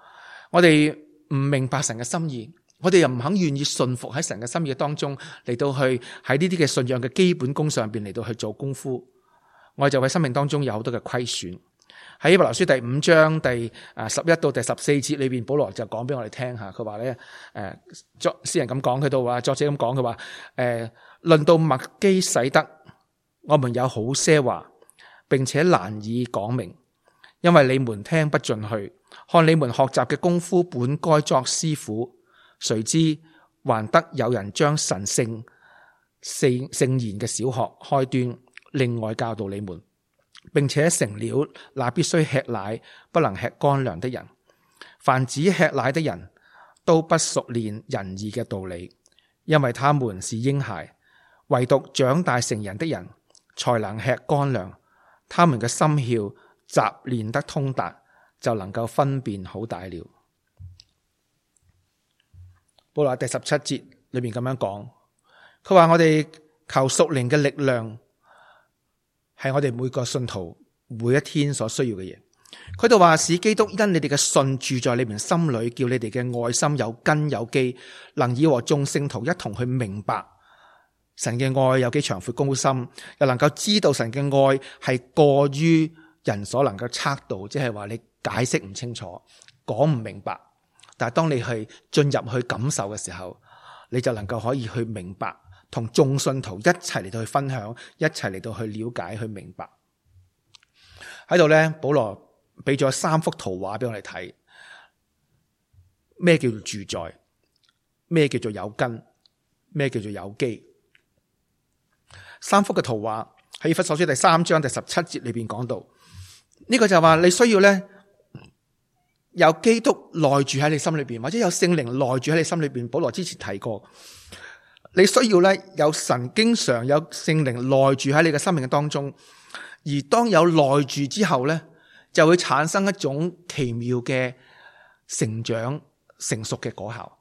我哋唔明白神嘅心意，我哋又唔肯願意信服喺神嘅心意當中嚟到去喺呢啲嘅信仰嘅基本功上邊嚟到去做功夫，我哋就喺生命當中有好多嘅虧損。喺《伯流書》第五章第啊十一到第十四節裏邊，保羅就講俾我哋聽下，佢話咧，誒作詩人咁講佢都話，作者咁講佢話，誒，論到麥基洗德，我們有好些話，並且難以講明，因為你們聽不進去，看你們學習嘅功夫本該作師傅，誰知還得有人將神聖聖聖言嘅小學開端，另外教導你們。並且成了那必須吃奶不能吃乾糧的人，凡只吃奶的人都不熟練仁義嘅道理，因為他們是嬰孩；唯獨長大成人的人才能吃乾糧，他們嘅心竅習練得通達，就能夠分辨好歹了。布拿第十七節裏面咁樣講，佢話我哋求熟練嘅力量。係我哋每個信徒每一天所需要嘅嘢。佢就話，使基督因你哋嘅信住在你們心裏，叫你哋嘅愛心有根有基，能以和眾聖徒一同去明白神嘅愛有幾長闊高深，又能夠知道神嘅愛係過於人所能夠測度，即係話你解釋唔清楚，講唔明白，但係當你去進入去感受嘅時候，你就能夠可以去明白。同眾信徒一齊嚟到去分享，一齊嚟到去了解，去明白。喺度呢，保羅俾咗三幅圖畫俾我哋睇。咩叫做住在？咩叫做有根？咩叫做有機？三幅嘅圖畫喺《以弗所書》第三章第十七節裏邊講到。呢個就話你需要呢，有基督內住喺你心裏邊，或者有聖靈內住喺你心裏邊。保羅之前提過。你需要咧有神經常有聖靈內住喺你嘅生命嘅當中，而當有內住之後咧，就會產生一種奇妙嘅成長成熟嘅果效。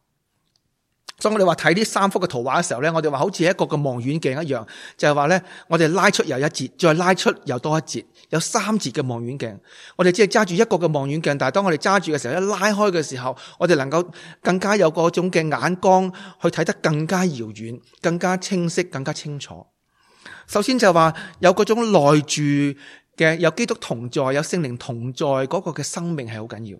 所以我哋話睇呢三幅嘅圖畫嘅時候咧，我哋話好似一個嘅望遠鏡一樣，就係話咧，我哋拉出又一截，再拉出又多一截，有三截嘅望遠鏡。我哋只係揸住一個嘅望遠鏡，但係當我哋揸住嘅時候，一拉開嘅時候，我哋能夠更加有嗰種嘅眼光去睇得更加遙遠、更加清晰、更加清楚。首先就係話有嗰種內住嘅，有基督同在、有聖靈同在嗰個嘅生命係好緊要。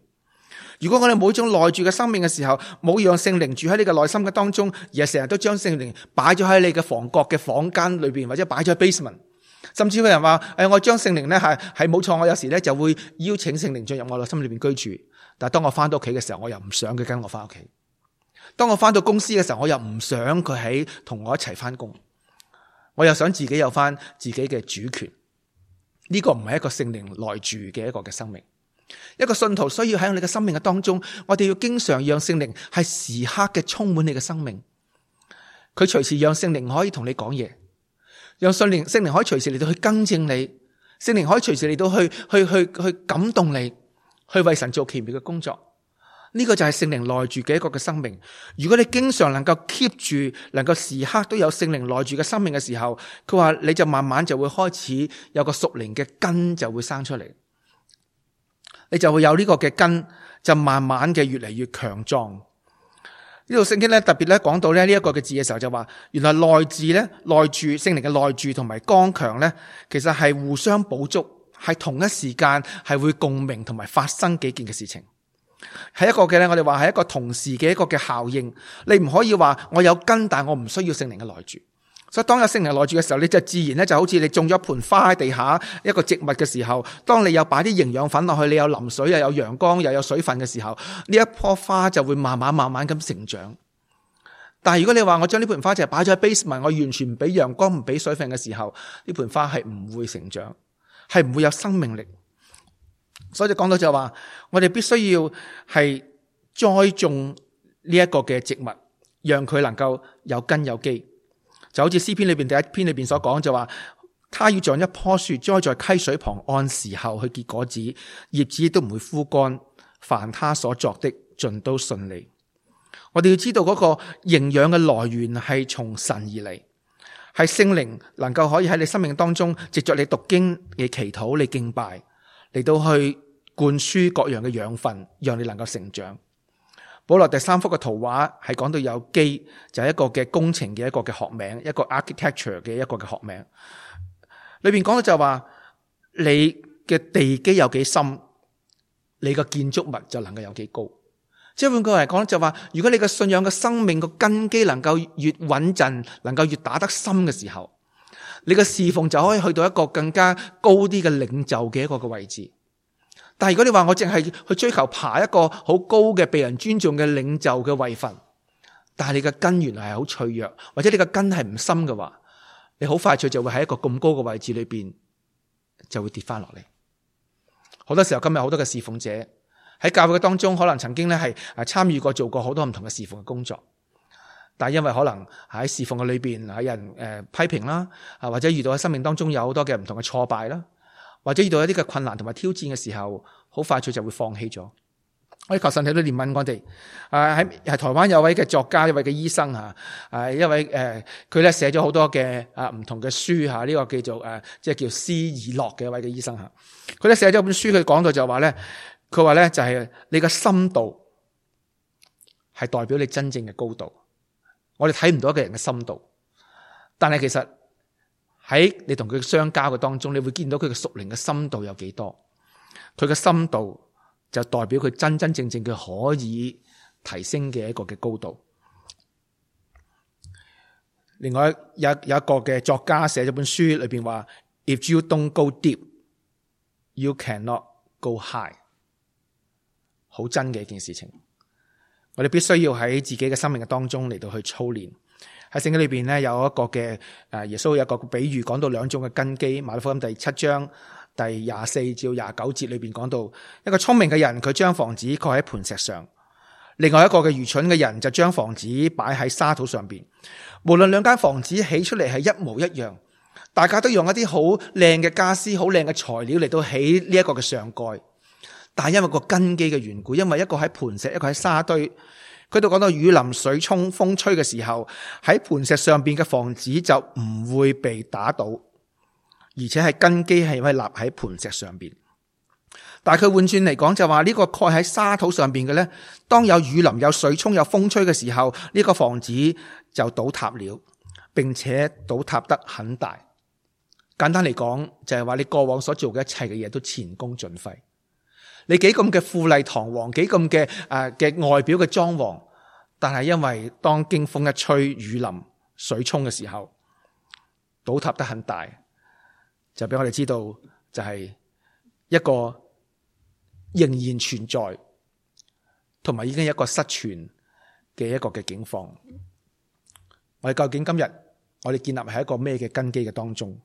如果我哋冇一種內住嘅生命嘅時候，冇讓聖靈住喺你嘅內心嘅當中，而係成日都將聖靈擺咗喺你嘅房角嘅房間裏邊，或者擺咗喺 basement，甚至有人話：誒、哎，我將聖靈咧係，係冇錯，我有時咧就會邀請聖靈進入我內心裏邊居住。但係當我翻到屋企嘅時候，我又唔想佢跟我翻屋企；當我翻到公司嘅時候，我又唔想佢喺同我一齊翻工。我又想自己有翻自己嘅主權。呢、這個唔係一個聖靈內住嘅一個嘅生命。一個信徒需要喺你嘅生命嘅當中，我哋要經常讓聖靈係時刻嘅充滿你嘅生命。佢隨時讓聖靈可以同你講嘢，讓聖靈聖靈可以隨時嚟到去更正你，聖靈可以隨時嚟到去去去去，去感動你，去為神做奇妙嘅工作。呢、呢個就係聖靈內住嘅一個嘅生命。如果你經常能夠 keep 住，能夠時刻都有聖靈內住嘅生命嘅時候，佢話你就慢慢就會開始有個屬靈嘅根就會生出嚟。你就會有呢個嘅根，就慢慢嘅越嚟越強壯。呢度聖經咧特別咧講到咧呢一個嘅字嘅時候就話，原來內住咧內住聖靈嘅內住同埋剛強咧，其實係互相補足，係同一時間係會共鳴同埋發生幾件嘅事情，係一個嘅咧我哋話係一個同時嘅一個嘅效應。你唔可以話我有根，但係我唔需要聖靈嘅內住。所以當有聖靈內住嘅時候，你就自然咧就好似你種咗一盆花喺地下一個植物嘅時候，當你有擺啲營養粉落去，你有淋水，又有陽光，又有水分嘅時候，呢一棵花就會慢慢慢慢咁成長。但係如果你話我將呢盆花就擺咗喺 basement，我完全唔俾陽光，唔俾水分嘅時候，呢盆花係唔會成長，係唔會有生命力。所以就講到就話，我哋必須要係栽種呢一個嘅植物，讓佢能夠有根有基。就好似詩篇裏邊第一篇裏邊所講，就話他要像一棵樹栽在溪水旁岸，按時候去結果子，葉子都唔會枯乾。凡他所作的，盡都順利。我哋要知道嗰個營養嘅來源係從神而嚟，係聖靈能夠可以喺你生命當中，藉着你讀經嘅祈禱、你敬拜，嚟到去灌輸各樣嘅養分，讓你能夠成長。好啦，第三幅嘅圖畫係講到有機就係、是、一個嘅工程嘅一個嘅學名，一個 architecture 嘅一個嘅學名。裏邊講到就話，你嘅地基有幾深，你嘅建築物就能夠有幾高。即係換句話嚟講，就話，如果你嘅信仰嘅生命嘅根基能夠越穩陣，能夠越打得深嘅時候，你嘅侍奉就可以去到一個更加高啲嘅領袖嘅一個嘅位置。但係如果你話我淨係去追求爬一個好高嘅被人尊重嘅領袖嘅位份，但係你嘅根源係好脆弱，或者你嘅根係唔深嘅話，你好快脆就會喺一個咁高嘅位置裏邊就會跌翻落嚟。好多時候今日好多嘅侍奉者喺教會嘅當中，可能曾經咧係誒參與過做過好多唔同嘅侍奉嘅工作，但係因為可能喺侍奉嘅裏邊有人誒批評啦，啊或者遇到喺生命當中有好多嘅唔同嘅挫敗啦。或者遇到一啲嘅困難同埋挑戰嘅時候，好快脆就會放棄咗。我哋求神睇到憐憫我哋。啊喺係台灣有位嘅作家，一位嘅醫生吓，係、啊、一位誒，佢、呃、咧寫咗好多嘅啊唔同嘅書吓，呢、啊這個叫做誒，即、啊、係、就是、叫斯爾諾嘅一位嘅醫生吓。佢、啊、咧寫咗本書，佢講到就話咧，佢話咧就係、是、你嘅深度係代表你真正嘅高度。我哋睇唔到一個人嘅深度，但係其實。喺你同佢相交嘅當中，你會見到佢嘅屬靈嘅深度有幾多？佢嘅深度就代表佢真真正正嘅可以提升嘅一個嘅高度。另外有有一個嘅作家寫咗本書裏面，裏邊話：If you don't go deep, you cannot go high。好真嘅一件事情，我哋必須要喺自己嘅生命嘅當中嚟到去操練。喺聖經裏邊咧，有一個嘅誒耶穌有一個比喻講到兩種嘅根基，馬太福音第七章第廿四至廿九節裏邊講到一個聰明嘅人佢將房子蓋喺磐石上，另外一個嘅愚蠢嘅人就將房子擺喺沙土上邊。無論兩間房子起出嚟係一模一樣，大家都用一啲好靚嘅家私、好靚嘅材料嚟到起呢一個嘅上蓋，但係因為個根基嘅緣故，因為一個喺磐石，一個喺沙堆。佢度講到雨淋、水沖、風吹嘅時候，喺磐石上邊嘅房子就唔會被打倒，而且係根基係咪立喺磐石上邊？但係佢換轉嚟講就話呢個蓋喺沙土上邊嘅呢，當有雨淋、有水沖、有風吹嘅時候，呢個房子就倒塌了，並且倒塌得很大。簡單嚟講就係話你過往所做嘅一切嘅嘢都前功盡廢。你幾咁嘅富麗堂皇，幾咁嘅誒嘅外表嘅裝潢，但係因為當驚風一吹、雨淋、水沖嘅時候，倒塌得很大，就俾我哋知道，就係一個仍然存在，同埋已經一個失傳嘅一個嘅境況。我哋究竟今日我哋建立喺一個咩嘅根基嘅當中？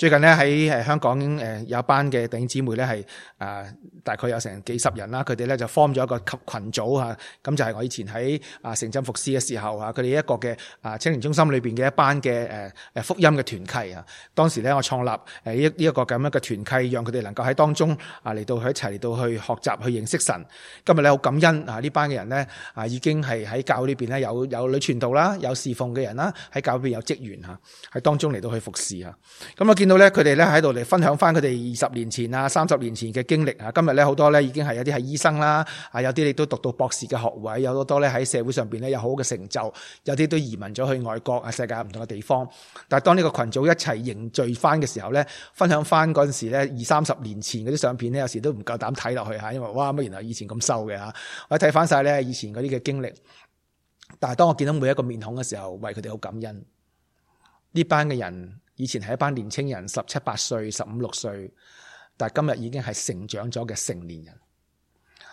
最近咧喺香港有一班嘅弟兄姊妹咧，係啊大概有成幾十人啦，佢哋咧就 form 咗一個群組，咁就係、是、我以前喺啊城鎮服侍嘅時候嚇，佢哋一個嘅啊青年中心裏面嘅一班嘅誒福音嘅團契啊。當時咧我創立誒呢呢一個咁樣嘅團契，讓佢哋能夠喺當中啊嚟到一齊嚟到去學習去認識神。今日咧好感恩啊呢班嘅人咧啊已經係喺教裏面咧有有女傳道啦，有侍奉嘅人啦，喺教裏面有職員喺當中嚟到去服侍。嚇。咁我見到咧，佢哋咧喺度嚟分享翻佢哋二十年前啊、三十年前嘅經歷啊。今日咧，好多咧已經係有啲係醫生啦，啊，有啲亦都讀到博士嘅學位，有好多咧喺社會上邊咧有好嘅成就，有啲都移民咗去外國啊，世界唔同嘅地方。但係當呢個群組一齊凝聚翻嘅時候咧，分享翻嗰陣時咧，二三十年前嗰啲相片咧，有時都唔夠膽睇落去吓，因為哇，乜原來以前咁瘦嘅吓。我睇翻晒咧以前嗰啲嘅經歷，但係當我見到每一個面孔嘅時候，為佢哋好感恩呢班嘅人。以前係一班年青人，十七八歲、十五六歲，但今日已經係成長咗嘅成年人。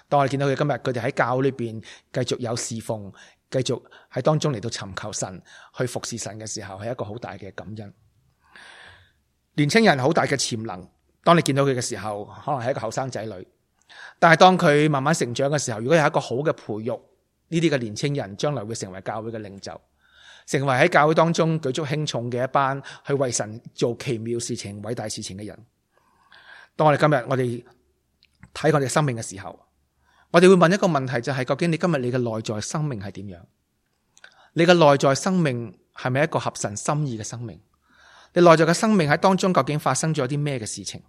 當我哋見到佢今日，佢哋喺教裏邊繼續有侍奉，繼續喺當中嚟到尋求神，去服侍神嘅時候，係一個好大嘅感恩。年青人好大嘅潛能，當你見到佢嘅時候，可能係一個後生仔女，但係當佢慢慢成長嘅時候，如果有一個好嘅培育，呢啲嘅年青人將來會成為教會嘅領袖。成為喺教會當中舉足輕重嘅一班，去為神做奇妙事情、偉大事情嘅人。當我哋今日我哋睇我哋生命嘅時候，我哋會問一個問題，就是，就係究竟你今日你嘅內在生命係點樣？你嘅內在生命係咪一個合神心意嘅生命？你內在嘅生命喺當中究竟發生咗啲咩嘅事情？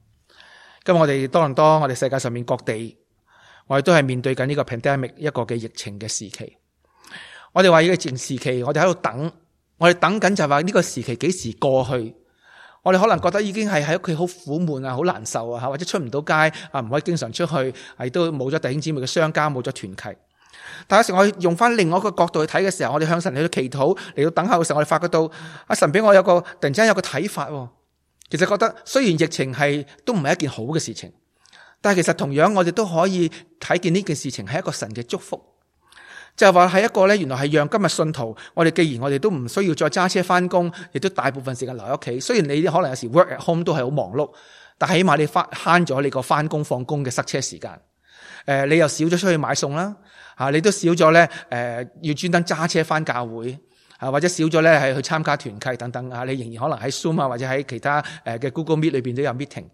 今日我哋多倫多，我哋世界上面各地，我哋都係面對緊呢個 pandemic 一個嘅疫情嘅時期。我哋話呢個疫情時期，我哋喺度等，我哋等緊就話呢個時期幾時過去？我哋可能覺得已經係喺屋企好苦悶啊，好難受啊，或者出唔到街啊，唔可以經常出去，亦都冇咗弟兄姊妹嘅相交，冇咗團契。但有時我用翻，另外一個角度去睇嘅時候，我哋向神嚟到祈禱，嚟到等候嘅時候，我哋發覺到阿神俾我有個突然之間有個睇法，其實覺得雖然疫情係都唔係一件好嘅事情，但係其實同樣我哋都可以睇見呢件事情係一個神嘅祝福。就係話係一個咧，原來係讓今日信徒，我哋既然我哋都唔需要再揸車翻工，亦都大部分時間留喺屋企。雖然你可能有時 work at home 都係好忙碌，但起碼你翻慳咗你個翻工放工嘅塞車時間。誒，你又少咗出去買餸啦，你都少咗咧誒，要專登揸車翻教會啊，或者少咗咧係去參加團契等等啊。你仍然可能喺 Zoom 啊，或者喺其他誒嘅 Google Meet 裏面都有 meeting。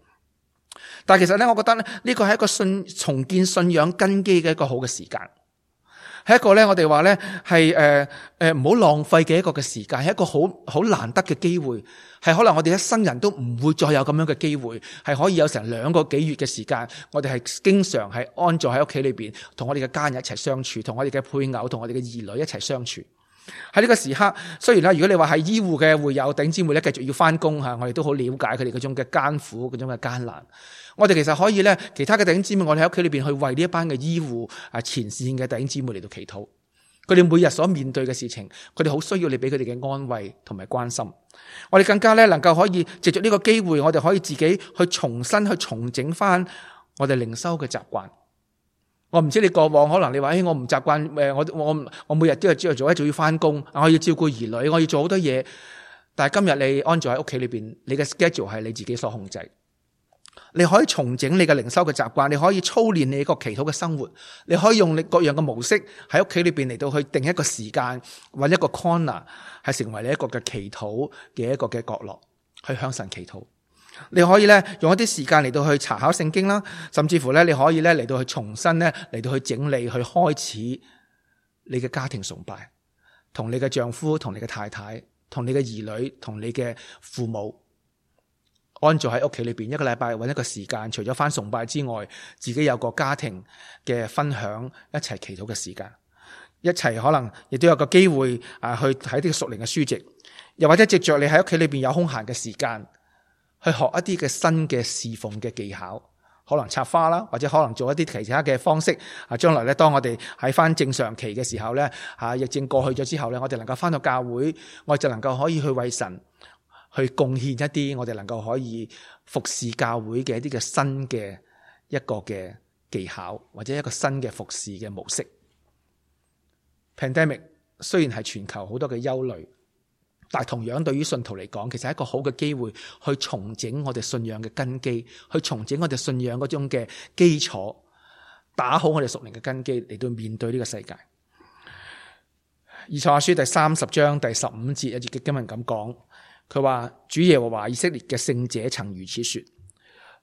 但係其實咧，我覺得咧，呢個係一個信重建信仰根基嘅一個好嘅時間。係一個咧，我哋話咧係誒誒唔好浪費嘅一個嘅時間，係一個好好難得嘅機會，係可能我哋一生人都唔會再有咁樣嘅機會，係可以有成兩個幾月嘅時間，我哋係經常係安坐喺屋企裏邊，同我哋嘅家人一齊相處，同我哋嘅配偶、同我哋嘅兒女一齊相處。喺呢個時刻，雖然咧，如果你話係醫護嘅會友頂先會咧，繼續要翻工吓，我哋都好了解佢哋嗰種嘅艱苦、嗰種嘅艱難。我哋其實可以咧，其他嘅弟兄姊妹，我哋喺屋企裏邊去為呢一班嘅醫護啊前線嘅弟兄姊妹嚟到祈禱。佢哋每日所面對嘅事情，佢哋好需要你俾佢哋嘅安慰同埋關心。我哋更加咧能夠可以借着呢個機會，我哋可以自己去重新去重整翻我哋靈修嘅習慣。我唔知你過往可能你話，誒、哎、我唔習慣，誒我我我每日都係朝頭早一早要翻工，我要照顧兒女，我要做好多嘢。但係今日你安住喺屋企裏邊，你嘅 schedule 係你自己所控制。你可以重整你嘅靈修嘅習慣，你可以操練你個祈禱嘅生活，你可以用你各樣嘅模式喺屋企裏邊嚟到去定一個時間或一個 corner 係成為你一個嘅祈禱嘅一個嘅角落去向神祈禱。你可以咧用一啲時間嚟到去查考聖經啦，甚至乎咧你可以咧嚟到去重新咧嚟到去整理去開始你嘅家庭崇拜，同你嘅丈夫、同你嘅太太、同你嘅兒女、同你嘅父母。安坐喺屋企裏邊一個禮拜，搵一個時間，除咗翻崇拜之外，自己有個家庭嘅分享，一齊祈禱嘅時間，一齊可能亦都有個機會啊，去睇啲熟齡嘅書籍，又或者藉着你喺屋企裏邊有空閒嘅時間，去學一啲嘅新嘅侍奉嘅技巧，可能插花啦，或者可能做一啲其他嘅方式。啊，將來咧，當我哋喺翻正常期嘅時候咧，啊，疫症過去咗之後咧，我哋能夠翻到教會，我就能夠可以去為神。去貢獻一啲我哋能夠可以服侍教會嘅一啲嘅新嘅一個嘅技巧，或者一個新嘅服侍嘅模式。Pandemic 雖然係全球好多嘅憂慮，但同樣對於信徒嚟講，其實係一個好嘅機會去重整我哋信仰嘅根基，去重整我哋信仰嗰種嘅基礎，打好我哋屬靈嘅根基嚟到面對呢個世界。以賽亞書第三十章第十五節有節經文咁講。佢話主耶和華以色列嘅聖者曾如此說：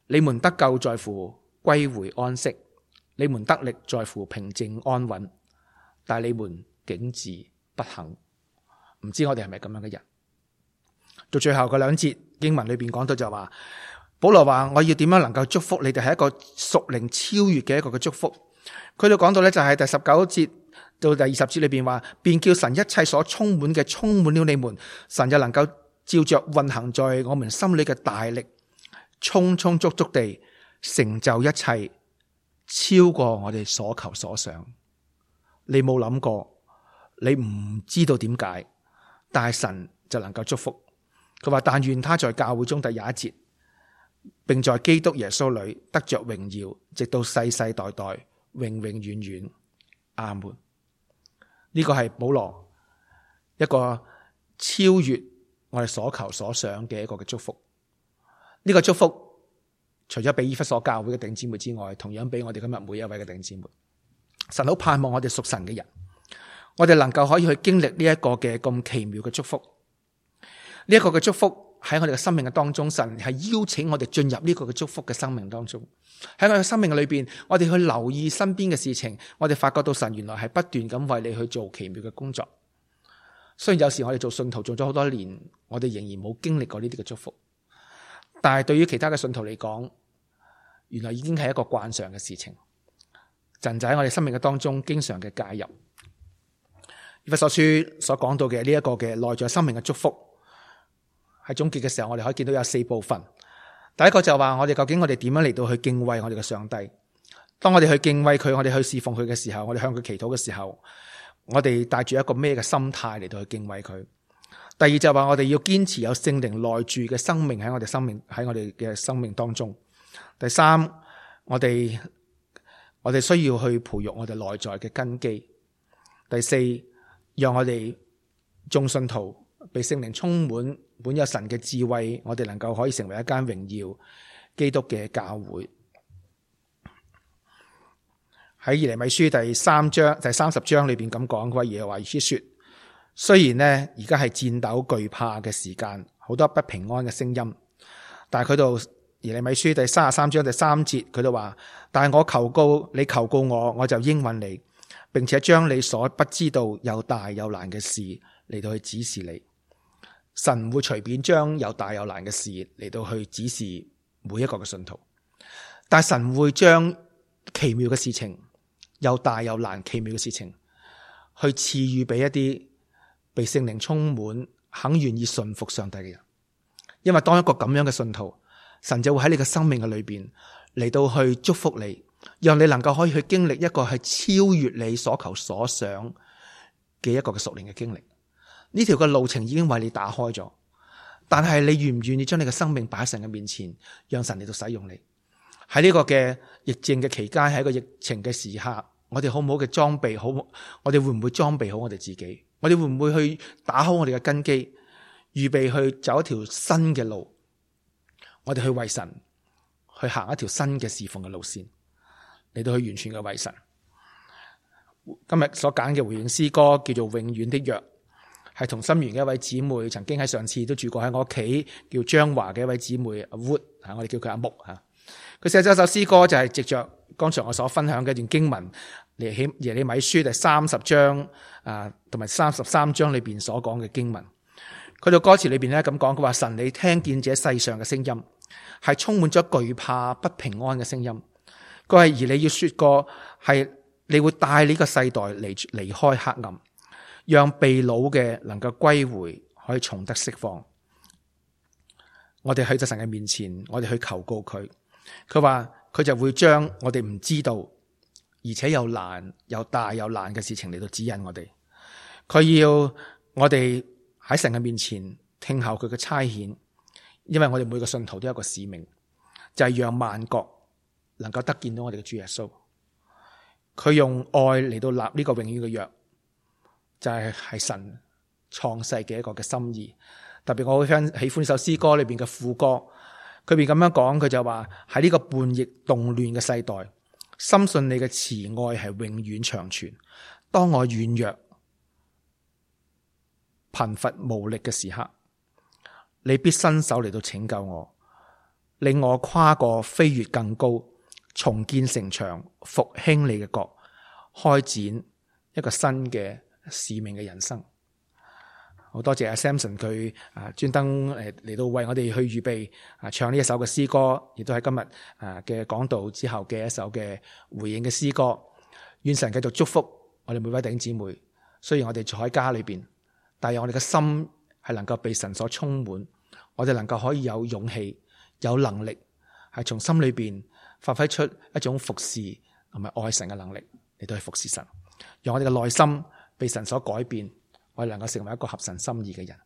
你們得救在乎歸回安息，你們得力在乎平靜安穩。但你們竟自不肯，唔知我哋係咪咁樣嘅人？到最後嗰兩節經文裏邊講到就話，保羅話我要點樣能夠祝福你哋係一個屬靈超越嘅一個嘅祝福。佢哋講到咧就係第十九節到第二十節裏邊話，便叫神一切所充滿嘅充滿了你們，神又能夠。照着運行在我們心裏嘅大力，充充足足地成就一切，超過我哋所求所想。你冇諗過，你唔知道點解，但神就能夠祝福。佢話：但願他在教會中第一節，並在基督耶穌裏得着榮耀，直到世世代代永永遠遠。阿門。呢個係保羅一個超越。我哋所求所想嘅一個嘅祝福，呢、這個祝福除咗俾以弗所教會嘅弟兄姊妹之外，同樣俾我哋今日每一位嘅弟兄姊妹。神好盼望我哋屬神嘅人，我哋能夠可以去經歷呢一個嘅咁奇妙嘅祝福。呢、這、一個嘅祝福喺我哋嘅生命嘅當中，神係邀請我哋進入呢個嘅祝福嘅生命當中。喺我哋嘅生、生命裏邊，我哋去留意身邊嘅事情，我哋發覺到神原來係不斷咁為你去做奇妙嘅工作。雖然有時我哋做信徒做咗好多年，我哋仍然冇經歷過呢啲嘅祝福，但係對於其他嘅信徒嚟講，原來已經係一個慣常嘅事情，就喺我哋生命嘅當中經常嘅介入。以弗所書所講到嘅呢一個嘅內在生命嘅祝福，喺總結嘅時候，我哋可以見到有四部分。第一個就話我哋究竟我哋點樣嚟到去敬畏我哋嘅上帝？當我哋去敬畏佢，我哋去侍奉佢嘅時候，我哋向佢祈禱嘅時候。我哋帶住一個咩嘅心態嚟到去敬畏佢。第二就係話我哋要堅持有聖靈內住嘅生命喺我哋生命喺我哋嘅生命當中。第三，我哋我哋需要去培育我哋內在嘅根基。第四，讓我哋眾信徒被聖靈充滿，滿有神嘅智慧，我哋能夠可以成為一間榮耀基督嘅教會。喺耶利米書第三章、第三十章裏邊咁講，佢話耶和華說：雖然呢而家係戰鬥懼怕嘅時間，好多不平安嘅聲音，但係佢度耶利米書第三十三章第三節佢就話：但係我求告你，求告我，我就應允你，並且將你所不知道又大又難嘅事嚟到去指示你。神唔會隨便將又大又難嘅事嚟到去指示每一個嘅信徒，但係神會將奇妙嘅事情。又大又難奇妙嘅事情，去賜予俾一啲被聖靈充滿、肯願意順服上帝嘅人。因為當一個咁樣嘅信徒，神就會喺你嘅生命嘅裡邊嚟到去祝福你，讓你能夠可以去經歷一個係超越你所求所想嘅一個嘅屬靈嘅經歷。呢條嘅路程已經為你打開咗，但係你願唔願意將你嘅生命擺喺神嘅面前，讓神嚟到使用你？喺呢個嘅疫症嘅期間，喺一個疫情嘅時刻。我哋好唔好嘅裝備好？我哋會唔會裝備好我哋自己？我哋會唔會去打好我哋嘅根基，預備去走一條新嘅路？我哋去為神去行一條新嘅侍奉嘅路線，嚟到去完全嘅為神。今日所揀嘅回應詩歌叫做《永遠的約》，係同心園嘅一位姊妹，曾經喺上次都住過喺我屋企，叫張華嘅一位姊妹 Wood, 阿 Wood 吓，我哋叫佢阿木吓。佢寫咗一首詩歌，就係藉着剛才我所分享嘅一段經文。耶起利米書第三十章啊，同埋三十三章裏邊所講嘅經文，佢到歌詞裏邊咧咁講，佢話神你聽見這世上嘅聲音，係充滿咗懼怕、不平安嘅聲音。佢係而你要說過係，你會帶呢個世代離離開黑暗，讓被擄嘅能夠歸回，可以重得釋放。我哋去咗神嘅面前，我哋去求告佢。佢話佢就會將我哋唔知道。而且又難又大又難嘅事情嚟到指引我哋，佢要我哋喺神嘅面前聽候佢嘅差遣，因為我哋每個信徒都有個使命，就係讓萬國能夠得見到我哋嘅主耶穌。佢用愛嚟到立呢個永遠嘅約，就係係神創世嘅一個嘅心意。特別我好喜歡首詩歌裏邊嘅副歌，佢便咁樣講，佢就話喺呢個叛逆動亂嘅世代。深信你嘅慈愛係永遠長存。當我軟弱、貧乏、無力嘅時刻，你必伸手嚟到拯救我，令我跨過、飛越更高，重建城牆，復興你嘅國，開展一個新嘅使命嘅人生。好多謝阿 Samson 佢，啊專登誒嚟到為我哋去預備啊唱呢一首嘅詩歌，亦都係今日啊嘅講道之後嘅一首嘅回應嘅詩歌。願神繼續祝福我哋每位弟兄姊妹。雖然我哋坐喺家裏邊，但係我哋嘅心係能夠被神所充滿，我哋能夠可以有勇氣、有能力，係從心裏邊發揮出一種服侍同埋愛神嘅能力嚟到去服侍神，讓我哋嘅內心被神所改變。我能夠成為一個合神心意嘅人。